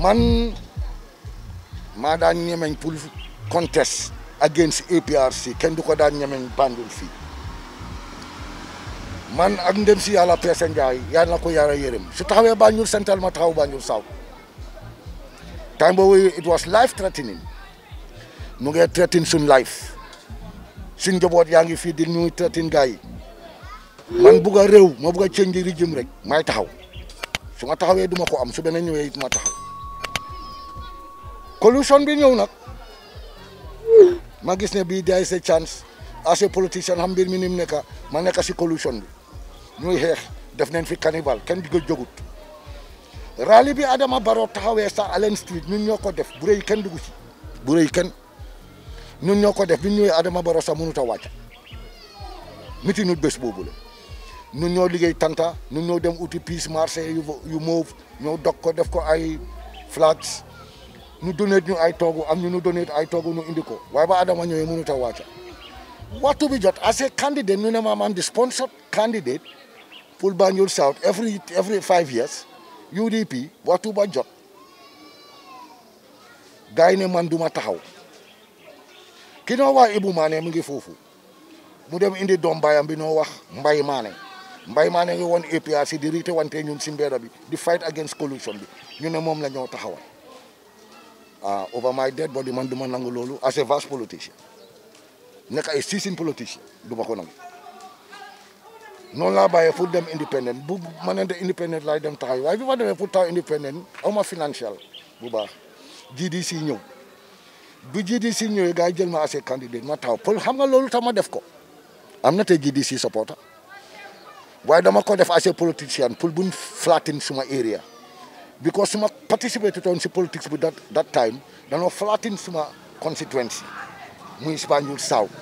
man ma daan ñemeñ pour contest against APRC kenn duko ko daan ñemeñ bandul fi man ak ndem ci yalla peese ndjay yàlla na ko yara yërëm su ba ñur central ma taxaw banjul south time boobu it was life threatening mu ngi threaten sun life sun jobot yaa ngi fii di ñuy threaten gaay man bugg a ma bugg change régime rek may taxaw su ma taxawee duma ko am su beneen ñëwee it ma taxaw collusion bi ñew nak ma gis ne bii day chance as a politicien xam bir mi neka mu ma neka si collusion bi ñuy xex def nañ fi cannibal kenn digga jogut rally bi Adama baro taxawé sa Allen Street ñun ñoko def bu reuy kenn dugg ci bu reuy kenn ñun ñoko def bi ñuy Adama baro sa wacc miti ñu bes bobu le ñun ñoo liggéey tanta ñun ñoo dem uti peace marché yu yu move ñoo dog ko def ko ay flats nous donate ñu ay toogu am ñu ñu donate ay toogu ñu indi ko way ba adama ñëwee mënu ta wàcca waxtu bi jot as a candidate ñu ne ma am di sponsor candidate pour Banjul South every every five years UDP waxtu ba jot gay yi ne man duma taxaw ki noo Ibu mané mu ngi fofu mu dem indi dom bayam bi no wax Mbay mané Mbay mané ngi won APRC di rité wante ñun ci mbéda bi di fight against collusion bi ñu ne mom la ñoo taxawal ah over my dead body man du ma nangu loolu as a vast politicien nekk ay seasoned politicien du ma ko nangu noonu laa bàyyee pour dem independent bu ma ne de independent laay dem taxaw waaye bi ma demee pour taxaw independent aw ma financial bu baax GDC ñëw bu GDC ñëwee gars yi jël ma as a candidate ma taxaw pour xam nga loolu tax ma def ko am na tey GDC supporter waaye dama ko def as a politicien pour buñ flatten suma area. because suma participated on si politics bu that that time danoo flatten suma constituency mu Banjul South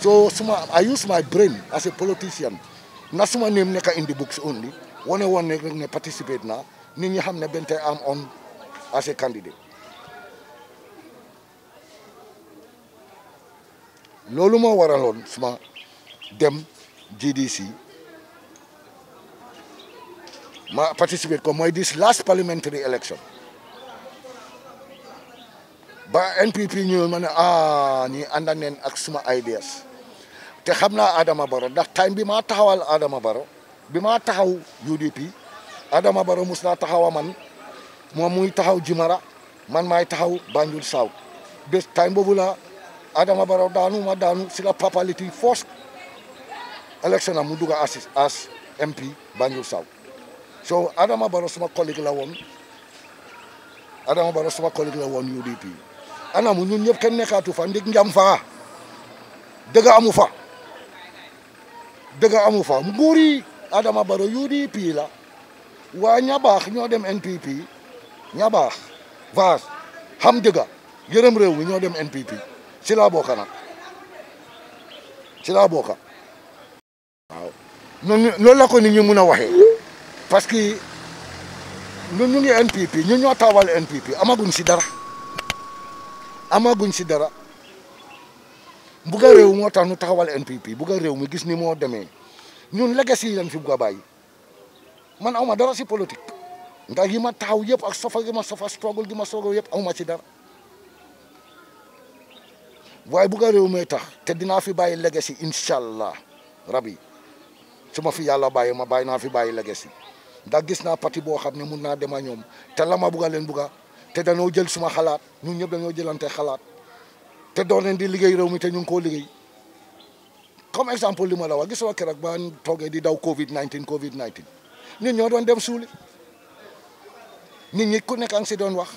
so suma I use my brain as a politician na suma name nekka in the books only wane woon ne rek ne participate na nit ñi xam ne benn tey am on as a candidate loolu moo waraloon suma dem GDC ma participate ko moy this last parliamentary election ba NPP ñu man ah ni andan len ak suma ideas te xamna Adama baro ndax time bi ma taxawal Adama baro bi ma taxaw UDP Adama baro musna naa taxaw man moom muy taxaw Jimara man may taxaw Banjul South bes time bobu la Adama baro daanu ma daanu ci la papaliti force election am duga assist as as MP Banjul South so adama baro sama collègue la ada adama baro sama collègue la won udp ada ñun ñep ken nekatu fa ndik ñam fa amufa, amu fa dëgg amu fa nguri adama baro udp la wa ña baax dem npp nyabah vas ham xam dëgg yërëm rew dem npp ci la boka nag ci la boka non noonu la ko ni ñu mëna parce que ñu ngi NPP ñun ñoo taawal NPP amaguñ si dara amaguñ si dara bugga réew moo tax ñu taxawal NPP bugga réew mi gis ni moo ñun legacy lañ fi bugg man awma dara si politique ndax yi ma taxaw yëpp ak sofa gi ma sofa struggle gi ma struggle yep, awma ci dara waaye bugga réew mee tax te dina fi bàyyi legacy inshallah allah rabi cuma fi yalla bàyyi ma bayi na fi bàyyi legacy ndax gis na parti bo xamne mën na dem ak ñoom te la ma bugga jël suma xalaat ñun ñëp dañu jëlante xalaat té do leen di liggéey rew mi té ñu ko liggéey comme exemple li ma la wax gis ba togué di daw Covid 19 Covid 19 ñun ñoo doon dem suul nit ñi ku nekk a ngi si doon wax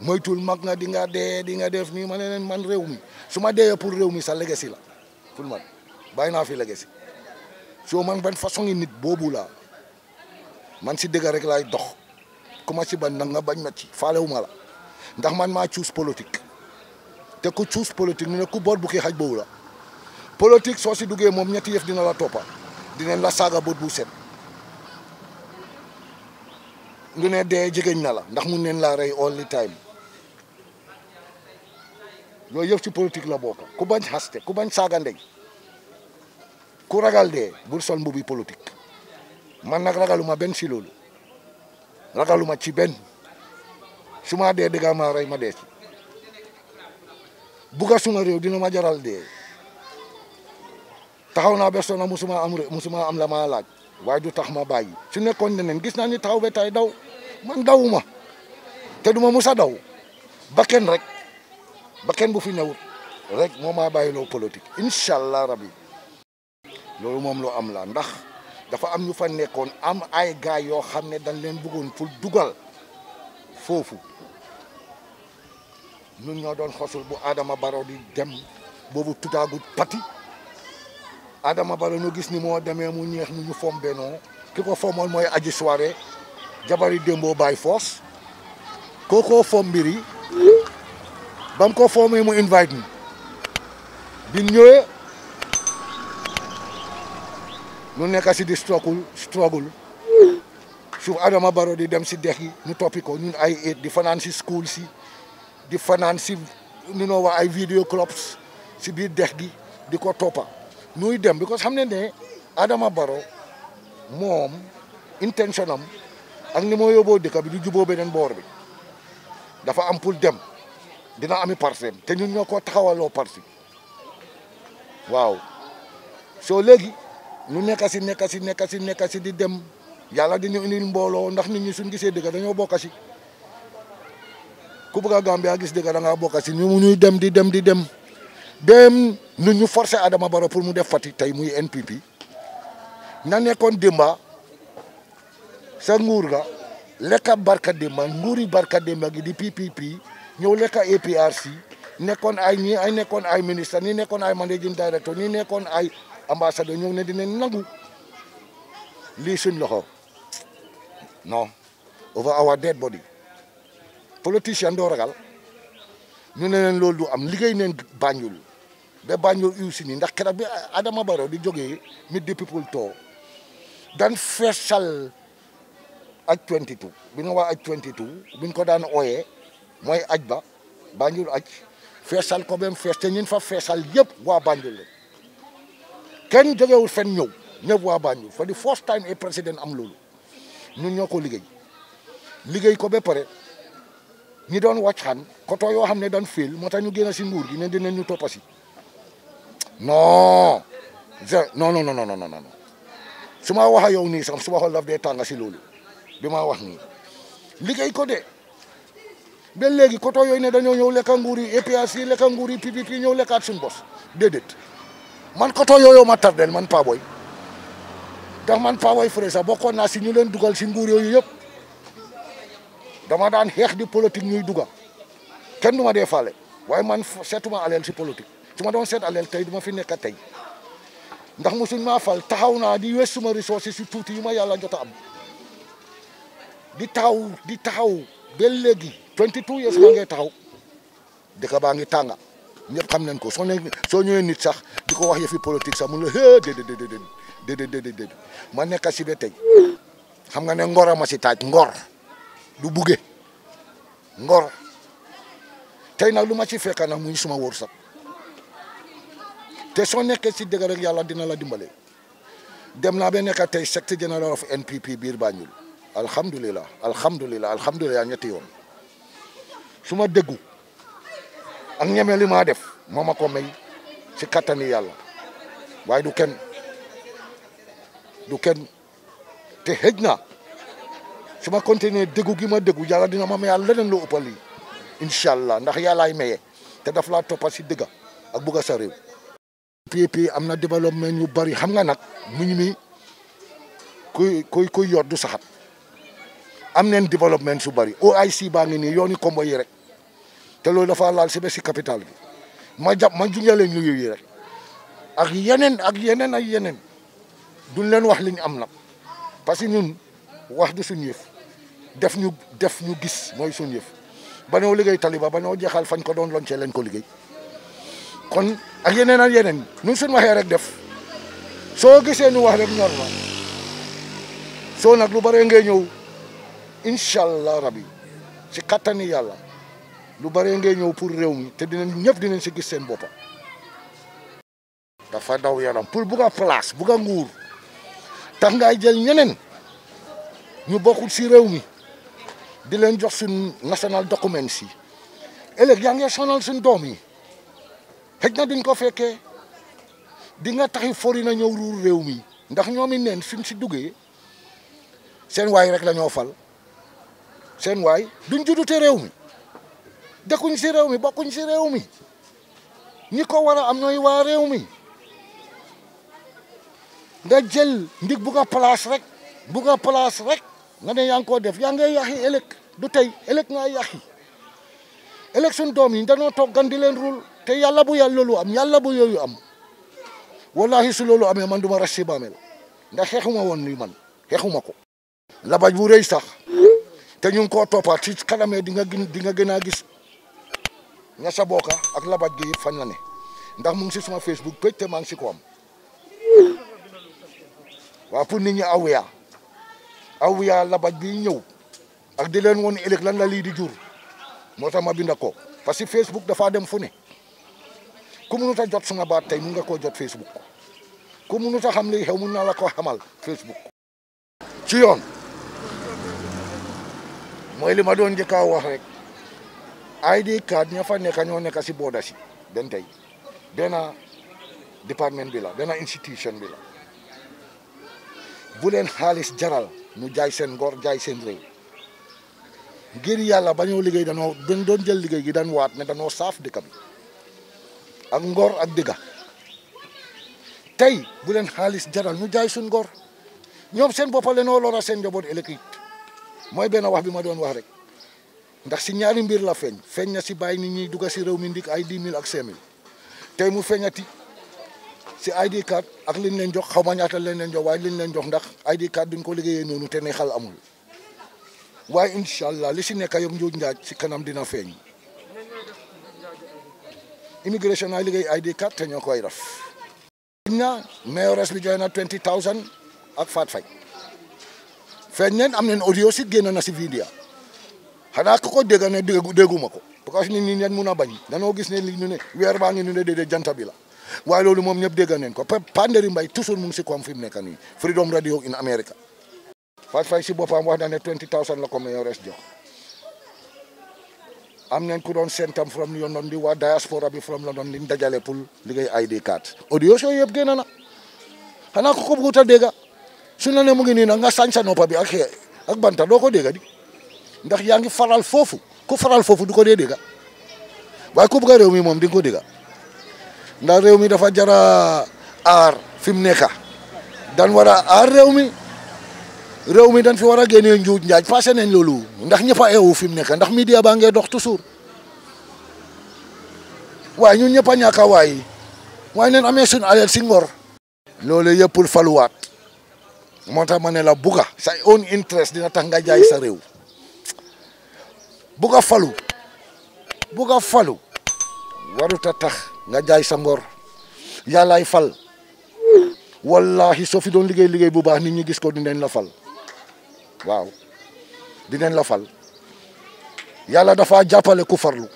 moytul mag nga di nga dé di nga def ni ma leen man rew mi suma dé pour rew mi sa legacy la pour man bàyyi fi legacy so man ban façon nit bobu la man si dëgg rek laay dox ku ma si bañ nag nga bañ ma ci faalewuma la ndax man maa cuus politique te ku cuus politique ñu ne ku boot bu kii xaj boobu la politique soo si duggee moom ñetti yëf dina la toppa dinañ la saaga boot bu set lu ne dee jegeñ na la ndax mun neen laa rey all the time yooyu yëpp ci politique la bokk ku bañ xaste ku bañ saaga ndey ku ragal dee bul sol mbubi politique man nag ragaluma benn si ragal ragaluma ci ben suma de de dëggaa ray ma de ci ga suma rew dina ma jaral de taxaw na beso na musuma am musuma am la ma laaj way du tax ma bayyi su ne nen gis na ni taxaw be daw man dawuma te duma musa daw bakken rek bakken bu fi newut rek moma bayilo lo politique inshallah rabbi rabi mom lo am la ndax dafa am ñu fa nekkoon am ay gars yoo xam ne dañ leen bëggoon pour dugal foofu ñun ñoo doon xosul bu Adama baro di dem boobu tutaagut pati Adama Barrow ñu gis ni moo demee mu ñeex ñu ñu fomm ki ko fommoon mooy aji soirée jabari démboo baay foos kookoo fomm mbir yi ba ko fommee mu invite ñu bi ñëwee nu nekk si di struggle struggle su Adama baro di dem si dex yi ñu toppi ko ñun ay school si di finance si ñu noo ay video clubs si bi dex gi di ko toppa idem, dem because hamne ne Adama baro mom intentionam ang ak ni mo yóbboo dëkk bi du jubo benen boor bi dafa am pour dem dina ami parcelle te ñun tawa lo taxawaloo Wow, so legi nu nekkasi nekkasi nekkasi nekkasi di dem yalla di ñu indil mbolo ndax nit ñi suñu gisee dëgg dañoo bokkasi ku bëgg Gambia gis dëgg da nga bokkasi ñu ñuy dem di dem di dem dem nu ñu forcer Adama baro pour mu def fati tay muy NPP na nekkon demba sa nguur ga lekka barka demba nguuri barka demba gi di PPP ñew leka APRC nekkon ay ñi ay nekkon ay ministre ni nekkon ay managing director ni nekkon ay ambassadeur ñëw ne dinañ nangu lii suñ loxo non over our dead body politicien doo ragal ñu ne leen loolu du am liggéey neen Banjul ba Banjul usine yi ndax keroog bi Adama Barrow di joge mit di people too daan feesal aj 22 bi nga waa aj 22 buñ ko daan ooyee mooy aj ba Banjul aj feesal ko bem fees te ñun fa feesal yëpp waa Banjul la kenn jógewul fenn ñëw ñëpp waa Banjul fa di first time ay président am loolu ñun ñoo ko liggéey liggéey ko bepare pare ñi doon wàcc xan koto yoo xam ne daan féel moo tax ñu génn si nguur gi ne dinañ ñu toppa si non non non non non non su ma wax a yow nii sax su ma xool daf dee tànga si loolu bi ma wax nii liggéey ko de ba léegi koto yooyu ne dañoo ñëw lekka nguur yi APRC lekka nguur yi PPP ñëw lekkaat suñu bos déedéet man koto yoyo ma tardel man pa boy ndax man pa boy fresa bokko na si ñu leen duggal ci nguur yoyu yëpp dama daan xex di politique ñuy duga kenn duma defale way man setuma alel ci politique ci ma don set alel tay duma fi nekk tay ndax musul ma fal taxaw naa di wees suma ressource si tuuti ma yàlla am di taw di taxaw ba léegi 22 years maa ngi taxaw dëkk ba ngi tànga ñepp xam nañ ko so ne so ñëwee nit sax diko wax yefi politique sax de de de de de de de ma nekk ci ba tay xam nga ne ngor ma ci taaj ngor du bugge ngor tay nag lu ma si fekka nag muy suma wóor sax te soo nekkee si dëgg rek yalla dina la dimbalé dem na be nekk tay secte general of NPP bir bañul alhamdullilah alhamdullilah alhamdullilah ñetti yoon suma deggu ak ñeme li maa def moo ma ko may ci kattani yàlla waaye du kenn du kenn te xëj na su ma continuer déggu gi ma déggu yàlla dina ma mayal leneen lu ëppal lii incha allah ndax yàllaay maye te daf laa toppa si dëgga ak bugg a sa réew. am na développement yu bari xam nga nag muñ mi kuy kuy yor du saxat am neen développement su bari OIC baa ngi nii yooni kombo yi rek. té loolu dafa laal si ba si capital bi ma jàpp ma junjalee ñu yooyu rek ak yeneen ak yeneen ak yeneen duñ leen wax li ñu am nag parce que ñun wax du suñu yëf def ñu def ñu gis mooy suñu yëf ba ñoo liggéey taliba ba ñoo jeexal fañ ko doon lañ ko liggéey kon ak yeneen ak yeneen suñ waxee rek def so gisee ñu wax rek ñor la soo nag lu bare ngay ñëw incha allah rabi si kattani lu bëree ngay ñëw pour réew mi te dinañ ñëpp dinañ si gis seen boppam. dafa daw yaram pour bugg a place bugg a nguur tax ngay jël ñeneen ñu bokkul si réew mi di leen jox sun national document si ëllëg yaa ngi sonal suñ doom yi xëj na duñ ko fekkee di nga taxi fori na ñëw ruur réew mi ndax ñoom i neen suñ si duggee seen waay rek la fal seen waay duñ juddute réew mi. dëkkuñ si réew mi bokkuñ si réew mi ñi ko war a am ñooy waa réew mi nga jël ndig bu nga rek bu nga place rek nga ne yaa ngi koo def yaa ngay yaxi ëllëg du tey ëllëg nga yaxi ëllëg suñ doom yi danoo toog gan di leen rul te yàlla bu yàlla loolu am yàlla bu yooyu am wallahi su loolu amee man du ma a si nda ndax xeexuma woon ni man xeexuma ko labaj bu rëy sax te ñu ngi koo toppaat ci kanamee di nga gën di nga gën a gis ñasa booka ak labat gi fan la ne ndax mu si suma Facebook page te maa ngi si ko am waaw pour nit ñi awuyaa awuyaa labat bi ñëw ak di leen woon ëllëg lan la lii di jur moo tax ma binda ko parce que Facebook dafa dem fu ne ku munut a jot suma baat tey mu nga koo jot Facebook ku munut a xam li xew mun naa la ko xamal Facebook ci mooy li ma doon njëkk a wax rek ID card ña fa nekk ñoo nekk si booda si benn tey benn département bi bila benn institution bi la bu leen xaalis jaral ñu jaay seen ngoor jaay seen réew ngir yàlla ba ñoo liggéey danoo dañ doon jël liggéey gi daan waat ne danoo saaf dëkk bi ak ngor ak dëgga tey bu leen xaalis jaral ñu jaay suñ ngoor ñoom seen boppale noo lora seen njaboot électrique mooy benn wax bi ma doon wax rek ndax si ñaari mbir la feeñ feeñ na si bàyyi nit ñi dugga si réew mi ndik ay 10 000 ak 5 000 tey mu feeñati si ID card ak liñ leen jox xaw ma ñaata leen leen jox waaye liñ leen jox ndax ID card duñ ko liggéeyee noonu te ne xal amul waaye incha allah li si nekk yëpp njuuj njaaj si kanam dina feeñ immigration ay liggéey ID card te ñoo koy def. feeñ na mayoress bi joxe na ak Fatou Faye neen am neen audio si génn na si vidéo. xana ko ko dégg ne déggu dégguma ko parce que nit ñi ñan mun bañ dañu gis ne li ñu ne wër baa ñu ne déedéet janta bi la way lolu mom ñep dégg ko pandéri mbay toujours mu ngi si koom fi nekk ni Freedom Radio in America Fatou Faye ci bopam wax na ne 20000 la ko res jox am nañ ku doon sentam from London di wa diaspora bi from London li dajale pour ligay ID card audio show yeb génn na xanaa ko bu ta dega su ne mu ngi ni na nga sañ sa noppa bi ak ak banta doko ko di ndax yaangi faral fofu ku faral fofu du ko dee dégga waaye ku bëgg a mi di ko dega ndax réew mi dafa jara ar fim neka dan wara ar aar réew mi réew mi dañ fi wara gene njuj njuuj njaaj passé nañ lolu ndax ñepa ewu fim neka ndax media ba ngay dox toujours way ñun ñepa ñaka way way waay waaye neen amee suñu aleel si ngor loolu la buga sa own interest dina tax nga jaay sa rew buga falu buga falu waru a tax nga jaay sa ngor ay fal wallahi so fi doon liggéey liggéey bu baax nit ñi gis ko dinañ la fal waaw dinañ la fal yalla dafa jàppale ku farlu.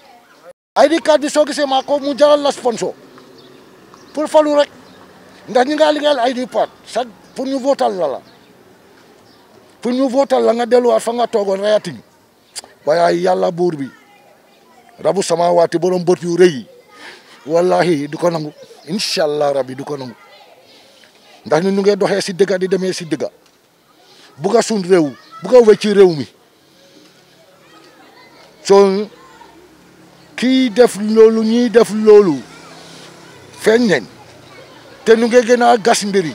ID card bi so gisee mako mu jaral la sponsor pour falu rek ndax ñi ngaa ay ID pat sax pour ñu votal la la pour ñu votal la nga wa fa nga togon rayatin waaye yalla burbi. bi rabu samawaati borom bot yu reyi wallahi du ko nangu inshallah allah rabi du ko nangu ndax ñu ngi doxé si dëgga di démé si dëgga bu ga sun rew bu ga wéci rew mi so ki def lolu ñi def lolu feeñ leen nu ngi gëna gas mbiri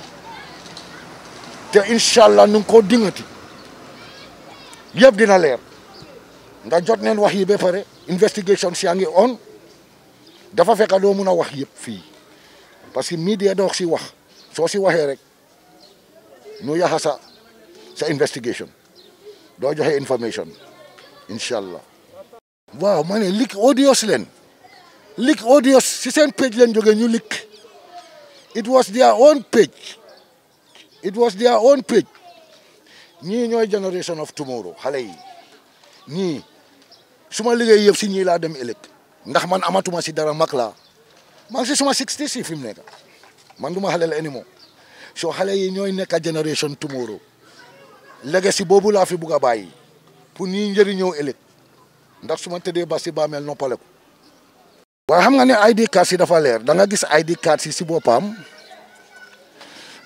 té inshallah nu ko dingati yeb dina leer. nga jot neen wax yi ba pare investigation si yaa ngi on dafa fekk doo mun a wax yëpp fii parce que media doo si wax soo si waxee rek ñu yaxasa sa investigation doo joxe information incha allah. waaw ma ne lik audios leen lik audios si seen page leen jógee ñu lik it was their own page it was their ñii ñooy generation of tomorrow xale yi ñii. suma liggéey yef ci ñi la dem ndax man amatuma ci dara mak la maa ci suma 60 ci fim nek man duma ma la animo so xale yi ñooy nekk generation tomorrow legacy bobu la fi bugg bayyi pour ñi ñëri ñew ëllëg ndax tédé ma tëddee ba mel bàmmeel noppale ko wa xam nga ni ID card ci dafa leer da nga gis ID card ci si bopam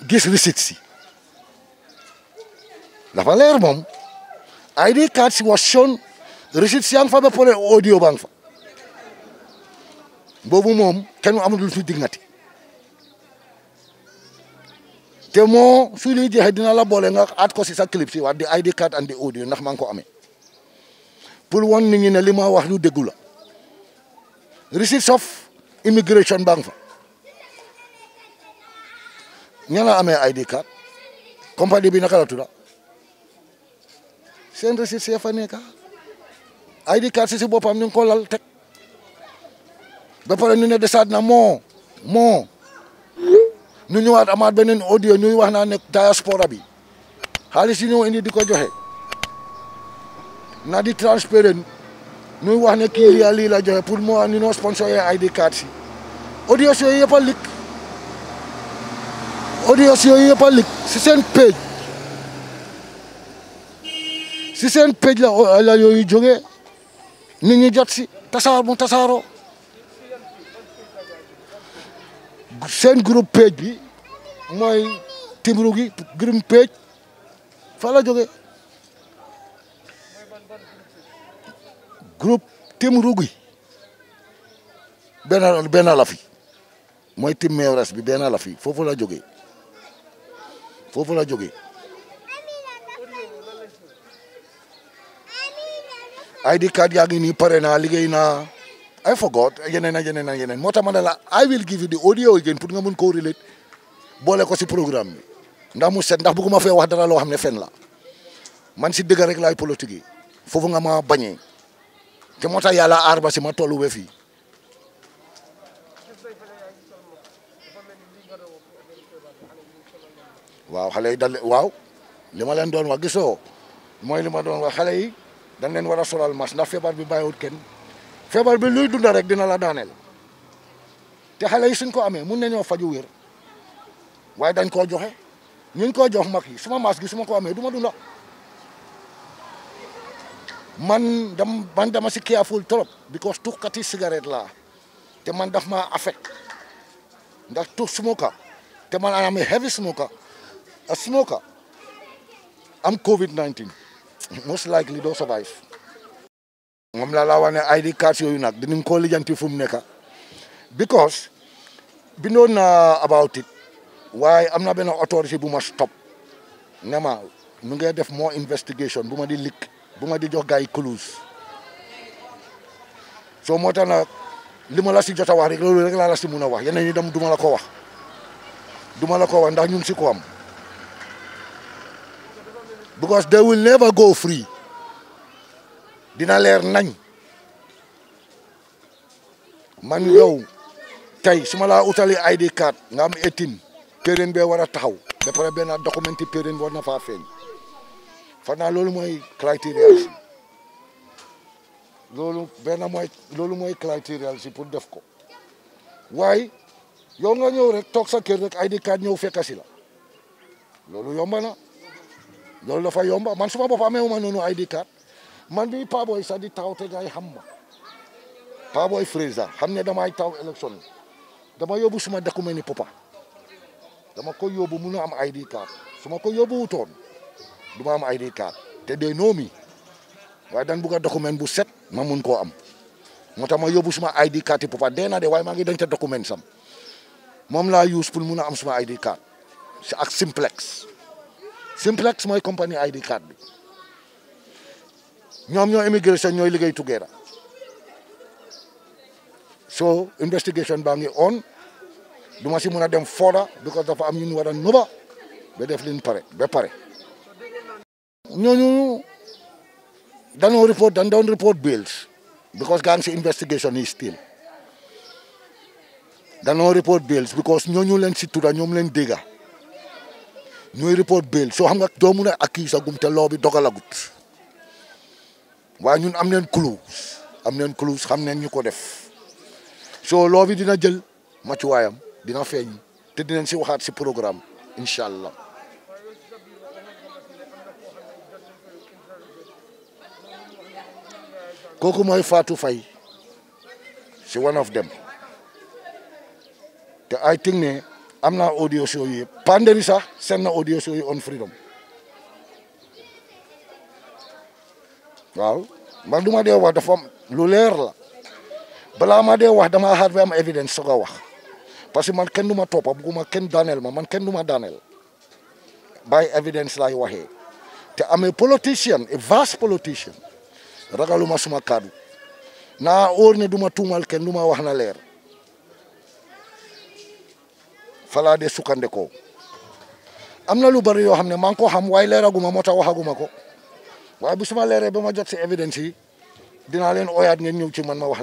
gis receipt ci dafa leer mom ID card ci was shown recettes yaa ngi fa ba pare audio baa fa boobu moom kenn amul lu fi diggante te moo su luy jeexee dina la boole nga aat ko si sa clip si wax di ID card and di audio ndax maa ngi ko ame pour won nit ñi ne li ma wax lu déggu la receipts of immigration baa fa ña la amee ID card compagnie bi naka la tudd seen receipts ya fa nekk ID card si si boppam ñu ngi ko lal teg ba pare ñu ne desaat na moo moo ñu ñëwaat amaat beneen audio ñuy wax naa ne diaspora bi xaalis yi ñoo indi di ko joxe na di transparent ñuy wax ne kii yaa lii la joxe pour mu ñu noo sponsoré ID card si yooyu yëpp a lig audio yooyu yëpp a lig si seen page si seen page la la yooyu jógee nit ñi jot si tasaar mu tasaaroo seen groupe page bi mooy timru gi groupe page fa la jógee groupe timru gi benn benn la fi mooy tim meewres bi benn lafi fi foofu la jógee foofu la ID card yaa parena nii na, naa uh, I forgot yeneen na yeneen na yeneen na. tax mana lah, I will give you the audio again pour nga mun koo relate boole ko si programme bi ndax mu set ndax bëgguma fee wax dara loo xam fen la man si dëgg rek laay politique yi nga ma bañee te moo si ma tollu ba fii waaw dal waaw lima ma leen doon wax gisoo halai. doon wax yi dañ leen war a solal mas ndax feebar bi bàyyiwut kenn feebar bi luy dund rek dina la daaneel te xale yi suñ ko amee mun nañoo faju wér waaye dañ koo joxe ñuñ ko jox mag yi suma mas gi suma ko amee duma man dam man dama si careful trop because tuxkati cigarette la te man daf maa affect ndax tux smoker te man heavy smoker a smoker am covid 19 most likely don't survive moom la laa ne ID card yoyu nak dinañ ko lijanti fum neka because bi non about it why am na benn buma bu ma stop ne ma nu ngey def more investigation bu ma di lik bu ma di jox gay clues so moo lima nag la ci jotta wax rek lolou rek la la si muna wax yeneen ni dam duma la ko wax duma la ko wax ndax ñun ci ko am because they will never go free dina leer nañ man yow tay suma la utali id card nga am etine pérène be wara taxaw ba pare ben document pérène war na faa feeñ fanaa loolu mooy criteria si ben moy mooy moy criteria si pour def ko way yow nga ñew rek tok sa rek id card ñew fekkasi la loolu yomana lolou dafa yomba man suma bop bopp amee ID card man bi pa Boy sa di taw te gars yi xam ma Paa Boy Fraser xam dama ay taw election dama yóbbu suma document ni papa dama ko yóbbu mu a am ID card suma ko yóbbu wuton duma am ID card te de nomi way dan bugg a document bu set ma mun ko am moo ma yóbbu suma ID card ti papa dee na de way ma ngi denc document sam mom la use pour mu am suma ID card c'est ak simplex. Simplex mooy compagnie ID card bi ñoom ñoo immigration ñooy liggéey together so investigation baa ngi on du si mën a dem fooda because dafa am ñun war a nuba ba def liñ pare ba pare ñooñu dañoo report dañ doon report bills because gaa ngi si investigation yi still dañoo report bills because ñooñu leen si tudda ñoom leen dégga ñooy report bail soo xam nga doo mun a acquis gum te loo bi dogalagut waa ñun am neen clause am neen clause xam neen ñu ko def soo loo bi dina jël matuwaayam dina feeñ te dinañ si waxaat si programme incha allah kooku mooy faatu fay si one of them te ay think ne am naa audio yi yëpp Panderi sax seen na audio show yi on freedom waaw man duma ma dee wax dafa lu leer la balaa ma dee wax damaa xaar ba am évidence soog wax parce que man kenn du ma toppa bugguma kenn daaneel ma man kenn du ma daaneel bàyyi évidence laay waxee te amee politicien et vaste politicien ragaluma suma kaddu naa óor ne duma tuumal kenn du ma wax na leer falaa dee sukkandekoo am na lu bari yoo xam ne maa ngi ko xam waaye leeraguma moo tax waxaguma ko waaye bu suma leeree ba ma jot si évidence yi dinaa leen oyaat ngeen ñëw ci man ma wax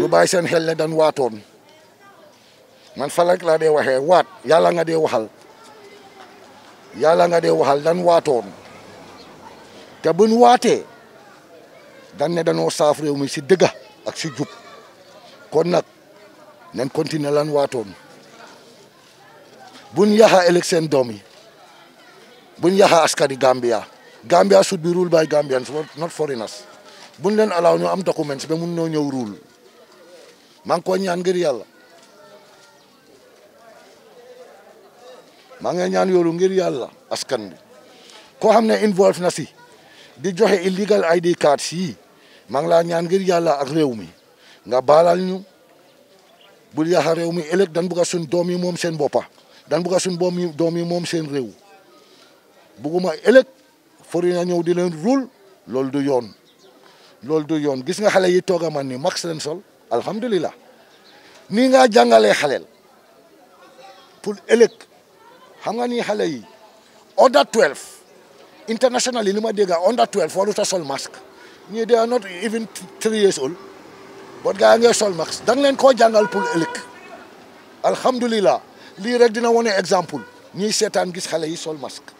lu bàyyi seen xel ne dan waatoon man falak laa dee waxee waat yàlla nga dee waxal yala nga de waxal dan waton te buñ waté dan né danoo saaf réew mi si dëgga ak ci jup kon nak nañ continuer lan waton buñ yaha domi askari Gambia Gambia should be ruled by Gambians not foreigners buñ len allow ñu am documents be mun noo ñëw rule man ko ñaan ngir yalla Manganya ngi ñaan yoru ngir yalla askan bi ko xamne involve na si di joxe illegal ID card si ma ngi la ñaan ngir yalla ak rew mi nga balal ñu ya ha rew mi elek dan bu ga sun domi mom sen bopa dan bu ga sun bomi domi mom sen rew bu guma elek fori na ñew di len rule lol du yoon lol du yoon gis nga xalé yi toga man ni max len sol alhamdullilah ni nga jangale xalel pour elek xam nga ni xale yi under 12 international yi li ma dégg under 12 warut a sol masque ñii they are not even three years old bon gaa ngay sol masque da nga leen koo jàngal pour ëllëg alhamdulilah lii rek dina wane exemple ñiy seetaan gis xale yi sol masque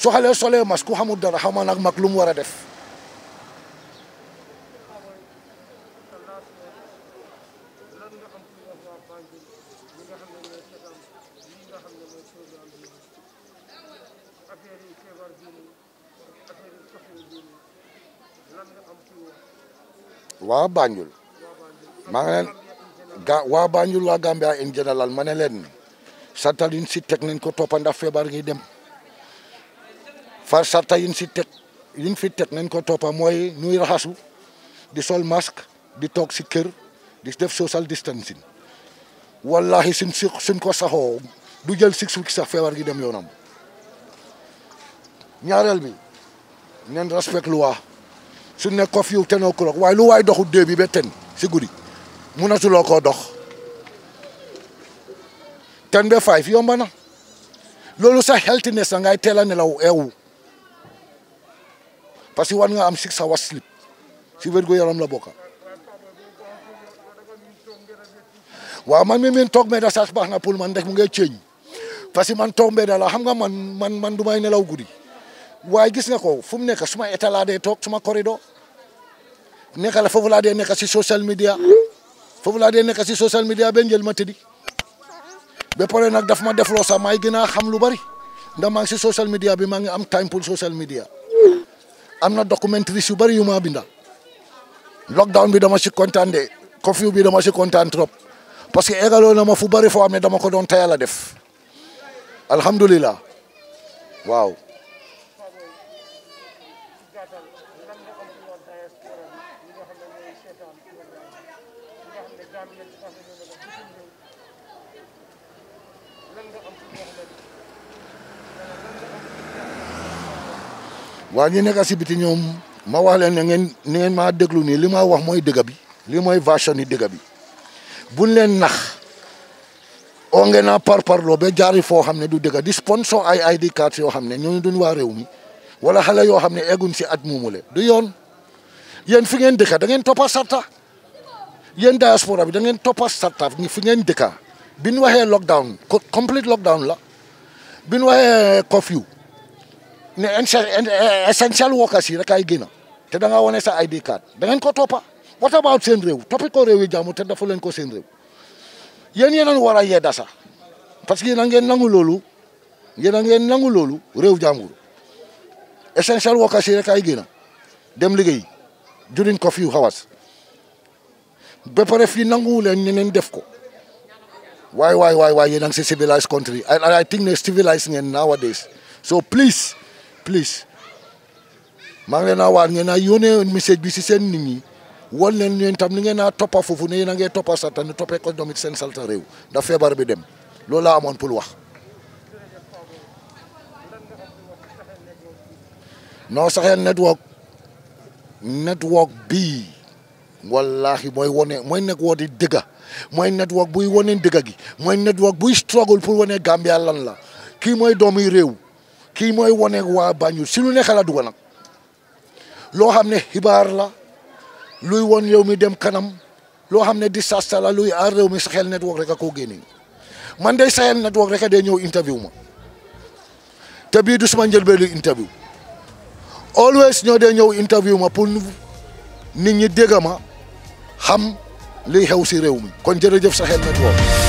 su xale solee masque ku xamul dara xam ma nag mag lu mu war a def. wa Banjul ma ngalen ga wa Banjul wa Gambia en general manelen satal yin si tek nañ ko toppa ndax ngi dem fa satal yin si tek yin fi tek nañ ko topa moy nuy rahasu di sol masque di tok si keur di def social distancing wallahi sin si sin ko saho du jël six weeks sax febar gi dem yonam ñaaral bi nen respect loi su ne curfew ten o'clock waaye lu waay doxu deux bi ba ten si guddi mënatuloo koo dox ten ba five yomba na loolu sa healthiness na ngay teel a nelaw eewu parce que war nga am six hours sleep si wérgu yaram la bokka waaw man mi min toog mbedda sax baax na pour man ndek mu nga ceeñ parce que man toog mbedda la xam nga man man man du may nelaw guddi waaye gis nga ko fu mu nekk suma état laa dee toog suma corridor nekka la foofu laa dee nekk si social media foofu laa dee nekk si social media ba njël ma tëddi ba pare nag daf ma defloo sax maay gën a xam lu bari nda maa ngi si social media bi maa ngi am time pour social media am na documentaires yu bari yu ma binda lockdown bi dama si kontaan de curfew bi dama si kontaan trop parce que eggaloo na ma fu bari foo xam ne dama ko doon tayal a def alhamdulilah waaw. waa ñu nekk si biti ñoom ma wax leen ne ngeen ni ngeen déglu nii li ma wax mooy dëgg bi lii mooy version yi dëgg bi buñ leen nax onge naa par parloo ba jaari foo xam ne du dëgg di sponsor ay ID card yoo xam ne ñooñu duñ waa réew mi wala xale yoo xam ne egguñ si at muumule du yoon yéen fi ngeen dëkka da ngeen toppa sarta yéen diaspora bi da ngeen toppa sarta fi ngeen dëkka bi ñu waxee lockdown complete lockdown la bi ñu waxee ne eh, essential workers yi rek ay génn te da wone wane sa ID card da ngeen ko toppa what about seen réew toppi ko réew yi jaamu te dafa leen ko seen réew yéen yéen a dasa parce que yéen ngeen nangu loolu a ngeen nangu réew jàmbur essential workers yi rek ay giina dem liggéey during curfew hours ba pare fii nanguwu leen ñeneen def ko waay waay waay waay yéen a ngi si civilized country and I think ne civilized ngeen nowadays so please please maa ngi na a waat ngeen a yónnee message bi si seen nit ñi wol leen ñeen tam ni ngeen a toppa foofu ne yéen a ngee toppa salta ne toppee ko domit seen salta réew da feebar bi dem loolu laa amoon pour wax non Sahel network network bii wallaahi mooy wone mooy network di dëgga mooy network buy wone dëgga gi mooy network buy struggle pour wone Gambia lan la kii mooy doomi réew kii mooy wane waa Banjul si lu ne xalaat dugg nag loo xam ne xibaar la luy won yow mi dem kanam loo xam ne di sasta la luy aar réew mi Sahel Network rek a ko génne man day Sahel Network rek a day ñëw interview ma te bii du suma njëlbeelu interview always ñoo dee ñëw interview ma pour nit ñi dégg ma xam liy xew si réew mi kon jërëjëf Sahel Network